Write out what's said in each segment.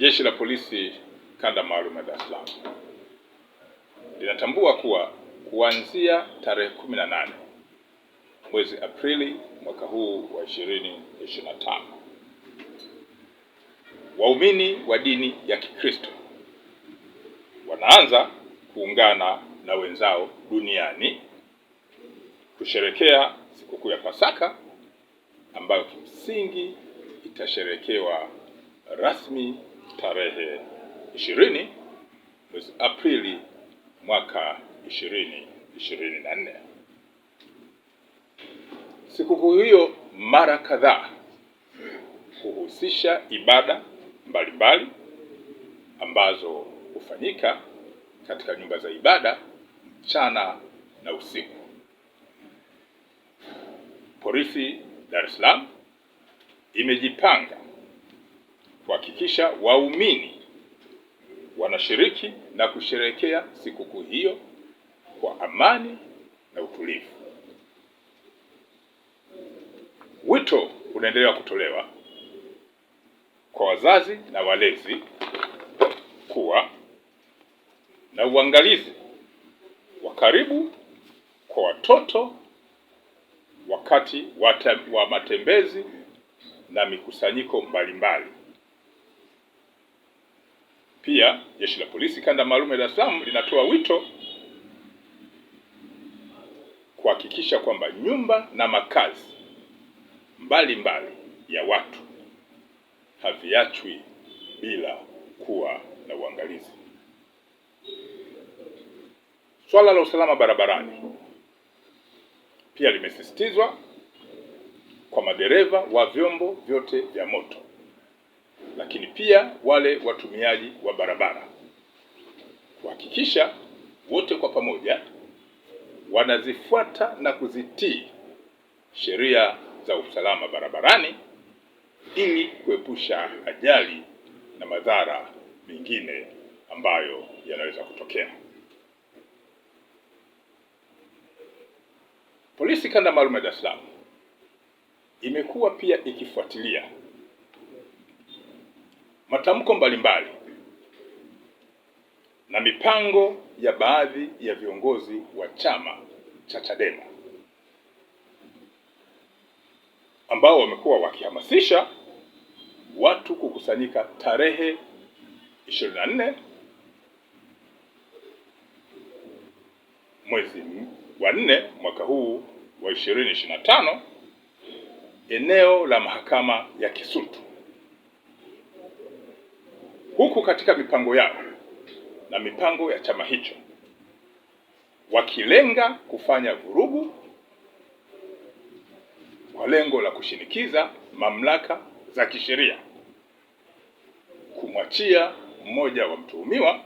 Jeshi la Polisi Kanda Maalum ya Dar es Salaam linatambua kuwa kuanzia tarehe 18 mwezi Aprili mwaka huu wa 2025 waumini wa dini ya Kikristo wanaanza kuungana na wenzao duniani kusherekea sikukuu ya Pasaka ambayo kimsingi itasherekewa rasmi tarehe ishirini mwezi Aprili mwaka ishirini ishirini na nne. Sikukuu hiyo mara kadhaa huhusisha ibada mbalimbali ambazo hufanyika katika nyumba za ibada mchana na usiku. Polisi Dar es Salaam imejipanga kuhakikisha waumini wanashiriki na kusherehekea sikukuu hiyo kwa amani na utulivu. Wito unaendelea kutolewa kwa wazazi na walezi kuwa na uangalizi wa karibu kwa watoto wakati wa matembezi na mikusanyiko mbalimbali. Pia jeshi la polisi kanda maalum ya Dar es Salaam linatoa wito kuhakikisha kwamba nyumba na makazi mbalimbali mbali ya watu haviachwi bila kuwa na uangalizi. Swala la usalama barabarani pia limesisitizwa kwa madereva wa vyombo vyote vya moto lakini pia wale watumiaji wa barabara, kuhakikisha wote kwa pamoja wanazifuata na kuzitii sheria za usalama barabarani ili kuepusha ajali na madhara mengine ambayo yanaweza kutokea. Polisi Kanda Maalum ya Dar es Salaam imekuwa pia ikifuatilia matamko mbalimbali na mipango ya baadhi ya viongozi wa chama cha Chadema ambao wamekuwa wakihamasisha watu kukusanyika tarehe 24 mwezi wa nne mwaka huu wa 2025 eneo la mahakama ya Kisutu huku katika mipango yao na mipango ya chama hicho, wakilenga kufanya vurugu kwa lengo la kushinikiza mamlaka za kisheria kumwachia mmoja wa mtuhumiwa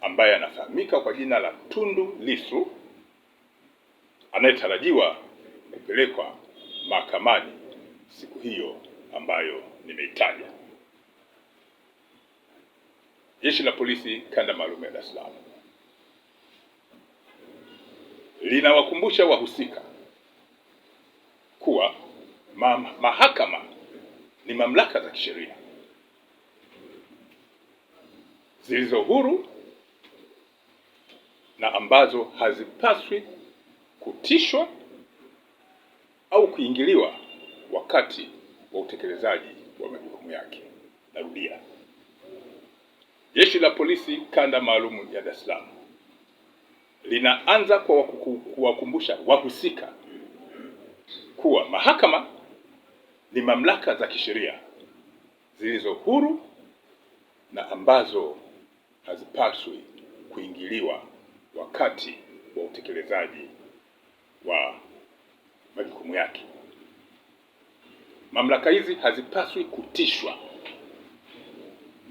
ambaye anafahamika kwa jina la Tundu Lissu anayetarajiwa kupelekwa mahakamani siku hiyo ambayo nimeitaja. Jeshi la Polisi kanda maalum ya Dar es Salaam linawakumbusha wahusika kuwa ma mahakama ni mamlaka za kisheria zilizo huru na ambazo hazipaswi kutishwa au kuingiliwa wakati wa utekelezaji wa majukumu yake. Narudia. Jeshi la Polisi kanda maalum ya Dar es Salaam linaanza kwa kuwakumbusha wahusika kuwa mahakama ni mamlaka za kisheria zilizo huru na ambazo hazipaswi kuingiliwa wakati wa utekelezaji wa majukumu yake. Mamlaka hizi hazipaswi kutishwa.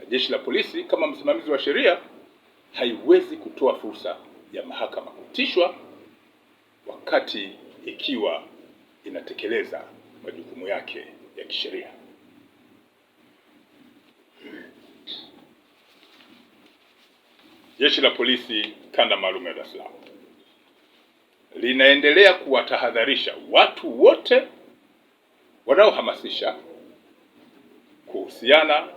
Jeshi la Polisi kama msimamizi wa sheria haiwezi kutoa fursa ya mahakama kutishwa wakati ikiwa inatekeleza majukumu yake ya kisheria. Jeshi la Polisi Kanda Maalum ya Dar es Salaam linaendelea kuwatahadharisha watu wote wanaohamasisha kuhusiana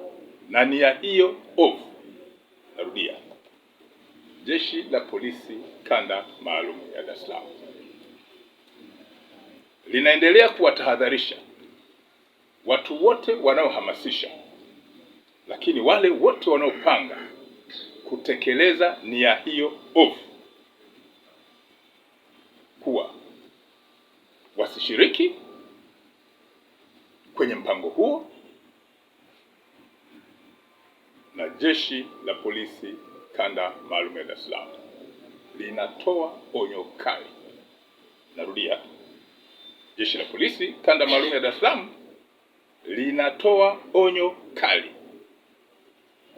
na nia hiyo ovu. Narudia, jeshi la polisi kanda maalum ya Dar es Salaam linaendelea kuwatahadharisha watu wote wanaohamasisha, lakini wale wote wanaopanga kutekeleza nia hiyo ovu kuwa wasishiriki na jeshi la polisi kanda maalum ya Dar es Salaam linatoa onyo kali. Narudia, jeshi la polisi kanda maalum ya Dar es Salaam linatoa onyo kali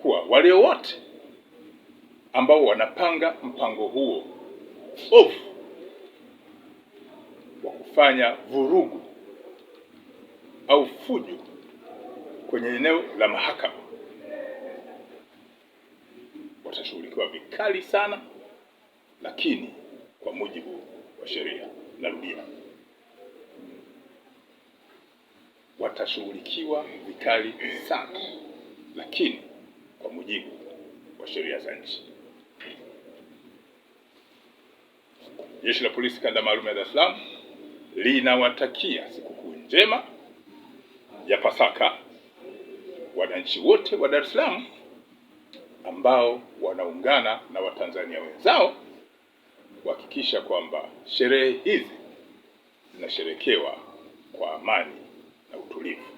kuwa wale wote ambao wanapanga mpango huo ovu wa kufanya vurugu au fujo kwenye eneo la mahakama kali sana, lakini kwa mujibu wa sheria, narudia, watashughulikiwa vikali sana, lakini kwa mujibu wa sheria za nchi. Jeshi la Polisi Kanda Maalum ya Dar es Salaam linawatakia sikukuu njema ya Pasaka wananchi wote wa Dar es Salaam ambao wanaungana na Watanzania wenzao kuhakikisha kwamba sherehe hizi zinasherekewa kwa amani na utulivu.